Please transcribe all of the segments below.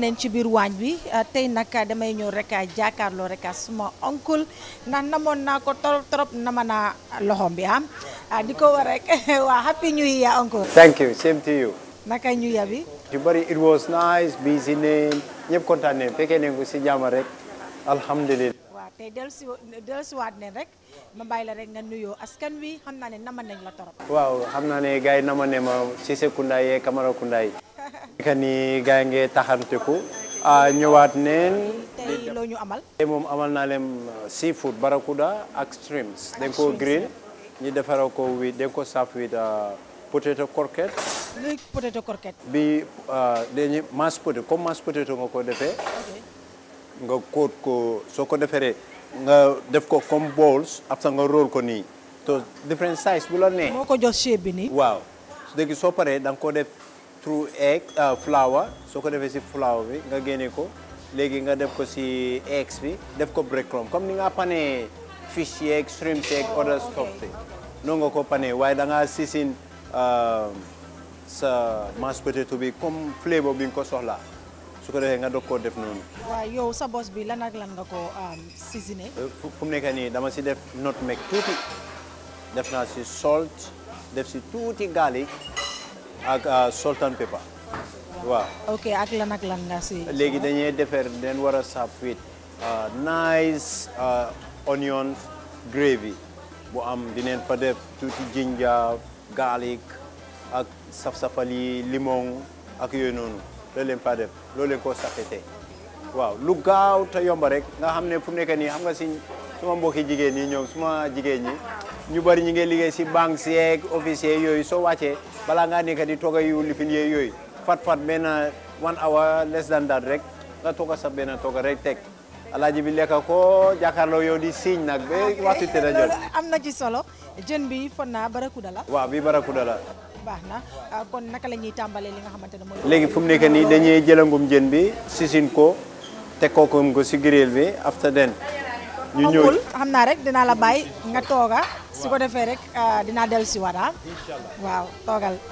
nañ ci biir waañ bi euh, tey nag damay ñëw rek jàkkaarloo rek ma oncle ndax namoon naa ko trop trop nama naa loxoom bi am ah. ah, di ko war rek waa happy new year oncle. thank you same to you. naka new bi. yu bari it was nice busy neen ñëpp kontaan nañ fekkee nañ ko si jàmm rek alhamdulilah. waaw tey dellusi dellusiwaat nañ rek. ma bàyyi la rek nga nuyoo askan wi xam naa ne nama nañ la torop. waaw xam naa ne gars yi nama ne ma Ceesay Kunda yee Kamara Kunda kani gaay ngee taxantiku a ñëwaat neen tey loo ñu amal tey moom amal uh, seafood barakuda extremes streams dañ ya. ko green ñi defara ko wi dañ ko wi with uh, potato croquette luy potato croquette bi uh, dañu mas potato comme mas potato nga ko defee nga ko ko soo ko deferee nga def ko comme bowls sa nga roll ko ni to different size bu la nee moko jox shape bi ni waaw léegi so paré da ko def trou egg uh, flour soo ko defee si flour bi nga génne ko léegi nga def ko si eggs bi def ko breadcrumb comme ni nga panee fish yeeg shrimp yeeg other stuff bi noonu nga ko pane waaye da ngaa sisin um, sa mashed potato bi comme flavour bi nga ko soxla su ko defee nga dog ko def noonu. waa yow sa bos bi lan ak lan nga ko um, seasoné. Uh, fu mu nekk nii dama si def not nutmeg tuuti def naa si salt def si tuuti garlic. ak ah, salt and waaw. ok ak lan ak lan nga si. léegi dañuy defar den war a saaf with ah, nice ah, onion gravy bu am dinañ fa def tuuti ginger garlic ak saf-safali limon ak yooyu noonu loolu leen fa loolu leen koo safete waaw lu gaaw te yomba rek nga xam ne fu mu nekk nii xam nga si suma mbokki jigéen ñi ñoom suma jigéen ñi. ñu bari ñi ngi liggéey si banque ci yeeg officier so soo wàccee balaa ngaa nekk di toga yu lifin yeeg yoy fat fat ben one hour less than that rek nga toga sa ben toga rek tek alaaji bi lekk ko jakarlo yow di siiñ nak be waxtu te da jot amna ci solo jeun bi fonna naa barakuda la waaw bi barakuda la baxna na ah, kon naka lañuy tambalé li nga xamante ne légui fum fu mu nekk nii dañuy jëlangum jeun bi sisin ko teg ko ko ci grill bi after then ñu ñëw xam naa rek dinaa la bàyyi nga tooga su ko defee rek euh, dinaa dellu si waat ah. waaw toogal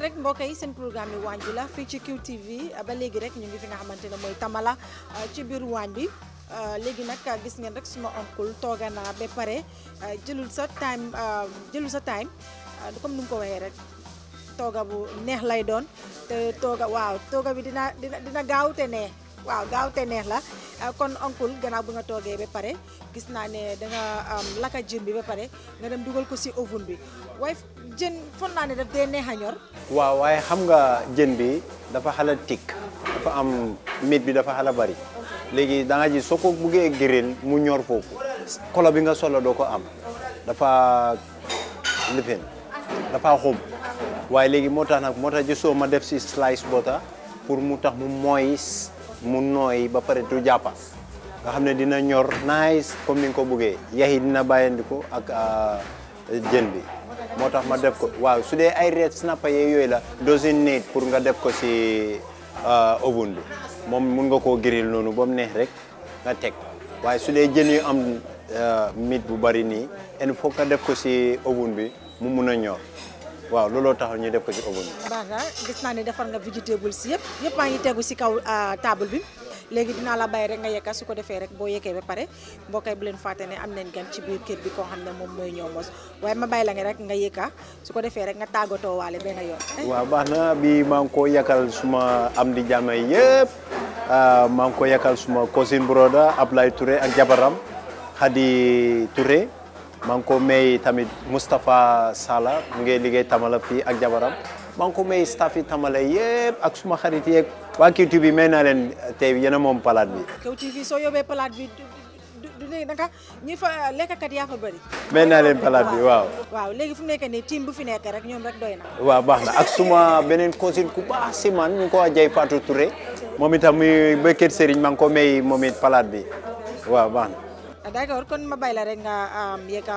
rek mbokk yi seen programme yi waañ bi la fi ci QTV ah, ba légui rek ñu ngi fi nga xamantene moy Tamala ah, ci biir wañ bi ah, légui nak gis ngeen rek suma oncle tooga naa ba jëlul sa time jëlul sa time comme nu ko waxee rek toga bu neex lay doon te toga waaw toga bi dina dina gaaw te neex waaw gaaw te neex la kon oncle gëna bu nga toogee ba paré gis né da nga laka jëm bi ba paré nga dem duggal ko ci oven bi waaye jën fon naa ne daf de neex ñor. wa waaye xam nga jën bi dafa xala tik dafa am mit bi dafa xala bari léegi da nga ji soko ko buggee grill mu ñor foofu kolo bi nga solo do ko am dafa lifin dafa xum waaye léegi moo tax nag moo tax ji soo ma def si slice bota, pour mu tax mu moyis mu noy ba pare du japa nga xamne dina ñor nice comme ni ko buggee yax dina ak ah, jën bi moo tax ma def ko waaw su dee ay red snapper yooyu la doesn't need pour nga def ko si euh, oven bi moom mun nga koo grill noonu ba mu neex rek nga teg waaye su dee jën yu am euh, mit bu bari nii en foog nga def ko si oven bi mu mun a ñor waaw looloo tax ñu def ko si oven bi. baax gis naa ne defar nga vegetable si yëpp yëpp maa ngi tegu si kaw euh, table bi. légui dina la bay rek nga yekka suko defé rek bo yekkee ba paré bokay bu len faté né am nañ gan ci biir kër bi ko xamné mom moy mooy ñëw mos waaye ma bay la nga rek nga yekka ah suko defé rek nga tagoto walé ben yoon wa baxna bi maa ngi ko yakal suma am di jàmm yëpp ah, maa ngi ko yakal suma cousine broda ablay Touré ak jabaram hadi Touré maa ngi ko may tamit mustapha Sala mu ngi liggéey tamala fi ak jabaram maa ko may staff yi tamala yépp ak suma xarit yépp waa QTV bi may naa leen tey yéen a moom palaat bi. QTV soo yóbbee palaat bi du du du naka ñi fa lekkakat yaa fa bëri. may leen palaat bi waaw. waaw léegi fu mu ni nii bu fi nekk rek ñoom rek doy na. waaw baax na ak suma beneen consul ku baax si man ñu ko wax Jay Fatou moom itam muy béykat Serigne maa ngi ko may moom it palaat bi waaw baax na. d'accord kon ma bay rek nga yegg a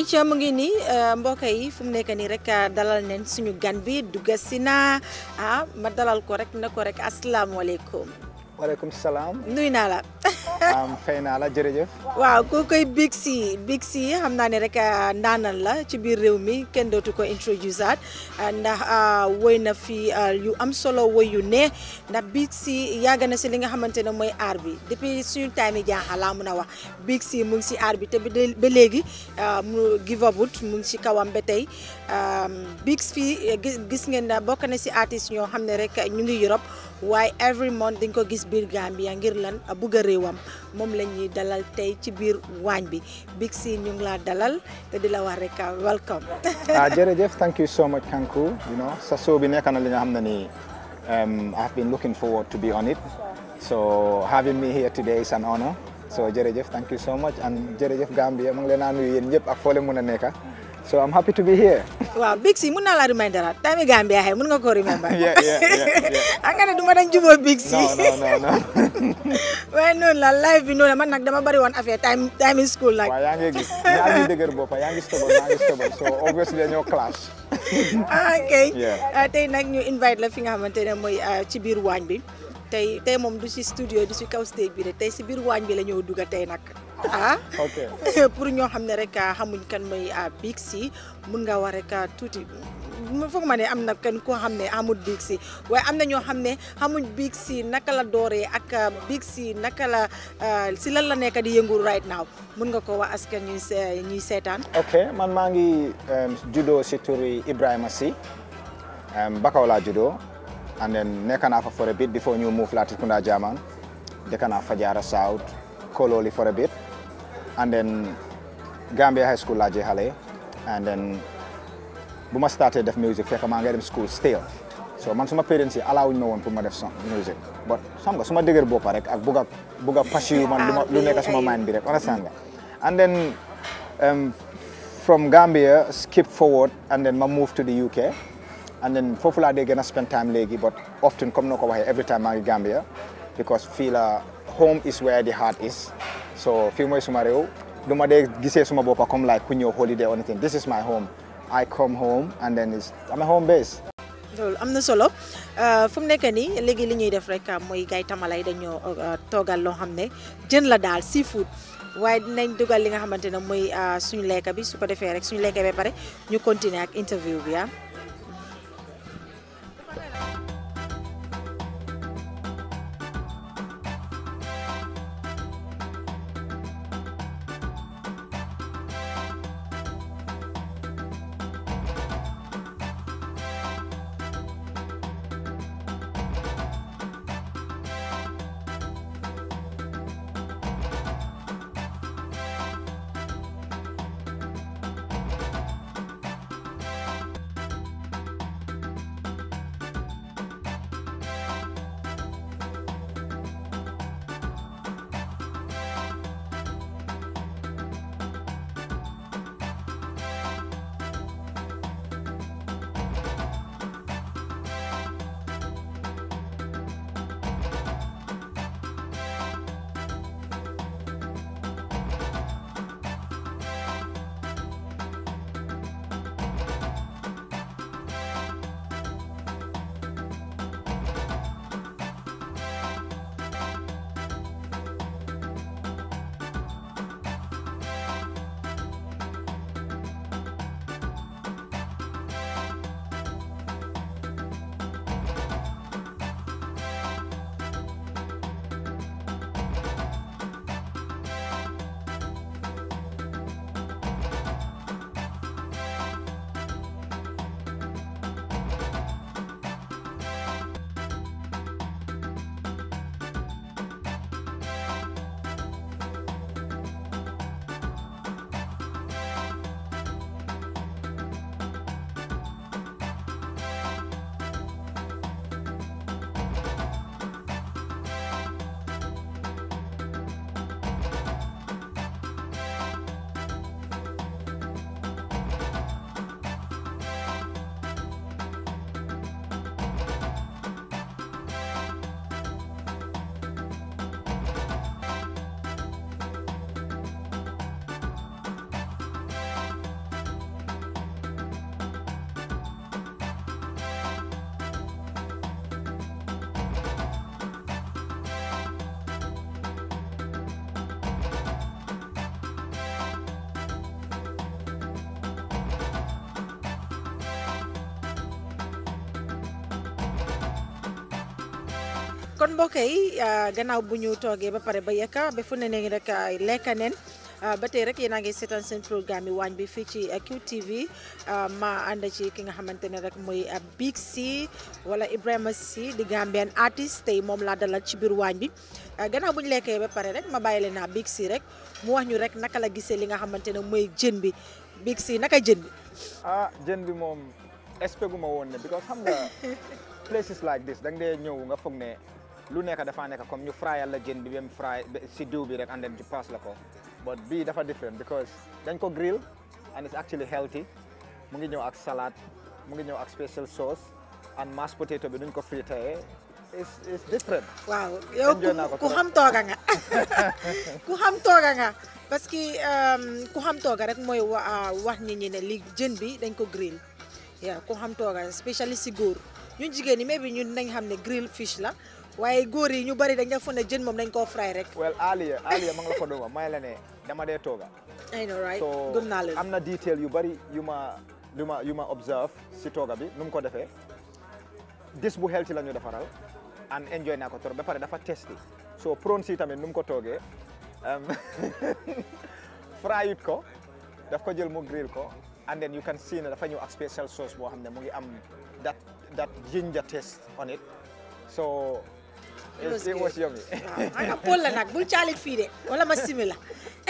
ay mu ngi nii euh, mbokk yi fu mu nekk nii rek euh, dalal neen suñu gan bi dugga si naa ah ma dalal ko rek na ko rek asalaamaaleykum. waaleykum salaam. nuyu naa la. fay naa waaw koo koy Big Sy Big Sy xam naa ne rek ah, ndaanal la ci biir réew mi kenn dootu ko introduce at ah, ndax ah, woy na fi yu am solo woy yu nee ndax Big Sy yàgg na si li nga xamante ne mooy aar bi depuis suñu time yi jaaxal laa mun a wax Big Sy mu ngi si aar bi te ba léegi mu give up mu ngi si kawam ba tey Big Sy gis ngeen bokk na si artiste yoo xam ne rek ñu ngi Europe. Why every month dañ ko gis biir Gambia ngir lan bugg a réewam moom dalal tey ci biir bi Big si ñu ngi dalal te di la wax rek welcome. ah jërëjëf thank you so much Kanku you know sa show bi nekk li nga I have um, been looking forward to be on it so having me here today is an honor so jërëjëf thank you so much and jërëjëf Gambia mu ngi leen a nuyu yéen ñëpp ak foo So I'm happy to be here. Wow, Big C, muna la reminder. Time e Gambia hai, muna ko remember. yeah, yeah, yeah. yeah. Angana dumadan jubo Big C. No, no, no, no. Why la life you know na man nagdama bari one affair time time in school like. Payangi gis. Yangi degar bo, payangi stubborn, yangi stubborn. So obviously no clash. Ah, okay. Yeah. Ah, tay nak ñu invite la fi nga xamantene moy ah, ci biir wañ bi. Tay tay mom du ci studio du ci kaw stage bi Tay ci biir wañ bi la ñëw duga tay nak ah eh, pour ñoo xam ne rek ah, xamuñ kan mooy ah, Big Ci mun nga wax rek ah, tuuti foog ma amna am na kenn koo xam ne xamul Big Ci waaye am na ñoo xam xamuñ Big naka la dooree ak Big naka la si lan la nekk di yëngu right now mun nga ko wax askan ñuy ñuy seetaan. ok man maa ngi judo si turi Ibrahima Ci Bakaw laa judo and then nekk naa fa for a bit before ñu move Latrikunda Jaman dëkk naa Fajara South Kololi for a bit. and then Gambia High School laje jeexalee and then bu ma started def music fekk maa ngi school still so my parents allowed allow no one woon pour ma music but some nga suma dëgër boppa rek ak bugg a bugg some passion man lu nekk suma mind bi rek understand nga and then um, from Gambia skip forward and then ma move to the UK and then foofu they dee gonna spend time legi. but often come noo ko every time maa Gambia because feel la home is where the heart is so fii mooy suma réew du ma dee gisee suma boppa comme like ku ñëw holiday or anything this is my home I come home and then it's am a home base. loolu am na solo euh, fu mu nekk nii léegi li ñuy def rek euh, mooy gay tamalay dañoo euh, toogal loo xam ne jën la daal seafood waaye dinañ dugal li nga xamante ne mooy suñ lekk bi su ko defee rek suñ lekk ba pare ñu continuer ak interview bi ah. kon mbokay yi ah, gannaaw buñu ñu ba paré ba yekka be fu ne rek ah, lekka neen ah, ba tey rek yéen ngi programme yi wañ bi fi ci QTV ma and ci ki nga xamante rek moy Big C wala Ibrahima C di Gambian artiste tay mom la dalal ci bir wañ bi gannaaw buñu ñu ba paré rek ma bàyyi na Big C rek mu wax ñu rek naka la gisee li nga moy jeen bi Big C naka jeen bi. ah jeen bi mom won because xam nga places like this dang day ñew nga foog lu nekk dafa nekk comme ñu fryal yalla jën bi ba fry si diw bi rek and then ñu pass la ko but bi dafa different because dañ ko grill and it's actually healthy mu ngi ñew ak salad mu ngi ñew ak special sauce and mashed potato bi duñ ko frité it's it's different Wow, yow ku xam toga nga ku xam toga nga parce que um, ku xam toga rek mooy uh, wax nit ñi ne li jën bi dañ ko grill yeah, ku xam toga especially si góor ñu jigéen ni maybe ñun nañ xam ne grill fish la waaye góor yi ñu bari dañ defoon ne jën moom dañ koo fray rek. well Aliya ma nga ko doon wax may la dama dee tooga. I know am na detail yu bari yu ma yu ma yu ma observe si tooga bi nu ko defee dis bu healthy la ñu defaral and enjoy naa ko trop ba pare dafa testi so prawns yi tamit nu ko toogee um, frayut ko daf ko jël mu grill ko and then you can see ne dafa ñu ak special sauce boo xam ne mu ngi am that that ginger taste on it It was yummy. Anga pol la nag bul caalit fii de wala ma simi la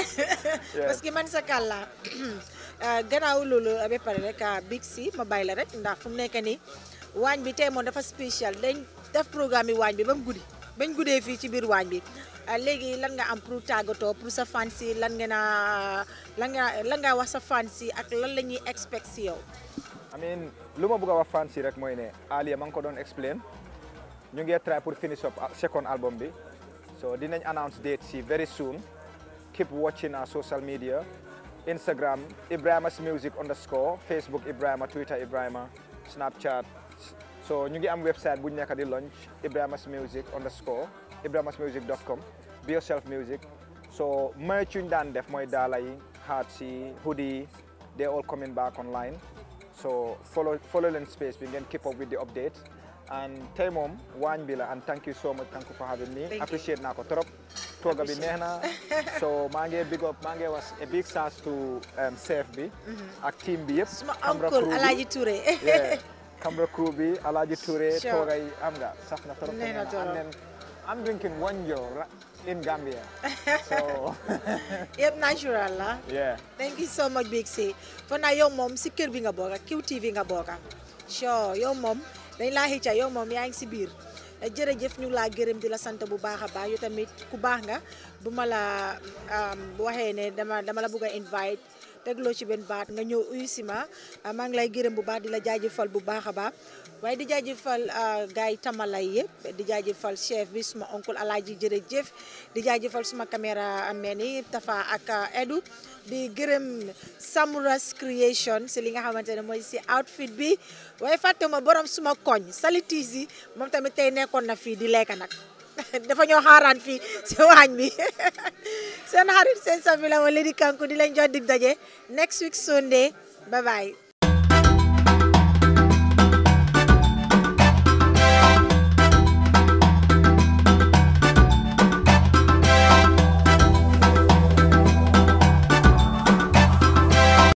parce que man sa kàlla ah, gannaaw loolu ah, ba pare rek ah, big si ma bàyyi la rek ndax fu mu nekk nii waañ bi tey moom dafa spécial dañ def programme bi waañ bi ba mu guddi bañ guddee fii ci biir waañ bi léegi lan nga am pour tàggatoo pour sa fan lan nga naa lan nga lan nga wax sa fan si ak lan la ñuy expect si yow. I mean lu ma bëgg a wax fan si rek mooy ne Aliya ma nga ko doon explain. ñu ngi try pour finish up second album bi so dinañ announce date si very soon keep watching our social media Instagram Ibrahim's Music underscore Facebook Ibrahima Twitter Ibrahima Snapchat so ñu ngi am website bu ñu nekk di launch Ibrahim's Music underscore Ibrahim's be yourself music so merch yu ñu daan def mooy daala yi hats hoodie they they all coming back online so follow follow in space we can keep up with the update and tey moom bi la and thank you so much thank you for having me appreciate you. nako trop toga bi neex so mangé big up mangé was a big shout to chef um, bi mm-hmm. ak team bi yep am ko alaji Touré camera crew bi alaji Touré toga yi am nga sax na trop then I'm drinking one year in Gambia. so yep, natural lah. Yeah. Thank you so much, Big C. For now, your mom, secure being a burger, QTV being a burger. Sure, your mom. dañ laa xicca yow mom yaa ngi bir biir ñu la laa gërëm di la sant bu baaxa a baax yow tamit ku baax nga buma la um, waxee ne dama dama la bëgg a invite tegloo ci benn baat nga ñëw uyu ma ah, maa ngi lay gërëm bu baax di la jaajëfal bu baax a baax waaye di jaajëfal ah, gars yi tamalay yëpp di jaajëfal chef bi suma oncle alaaji jërëjëf di jaajëfal suma caméra ameen yi Tafa ak ah, Edu di gërëm Samuras Creation si li nga xamante ne mooy si outfit bi waaye fàtte ma borom suma koñ salitis yi moom tamit tey nekkoon na fii di lekk nag dafa ñoo xaaraan fii si waañ bi seen xarit seen safi la woon Lady Kankou di leen jox dig daje next week Sunday bye bye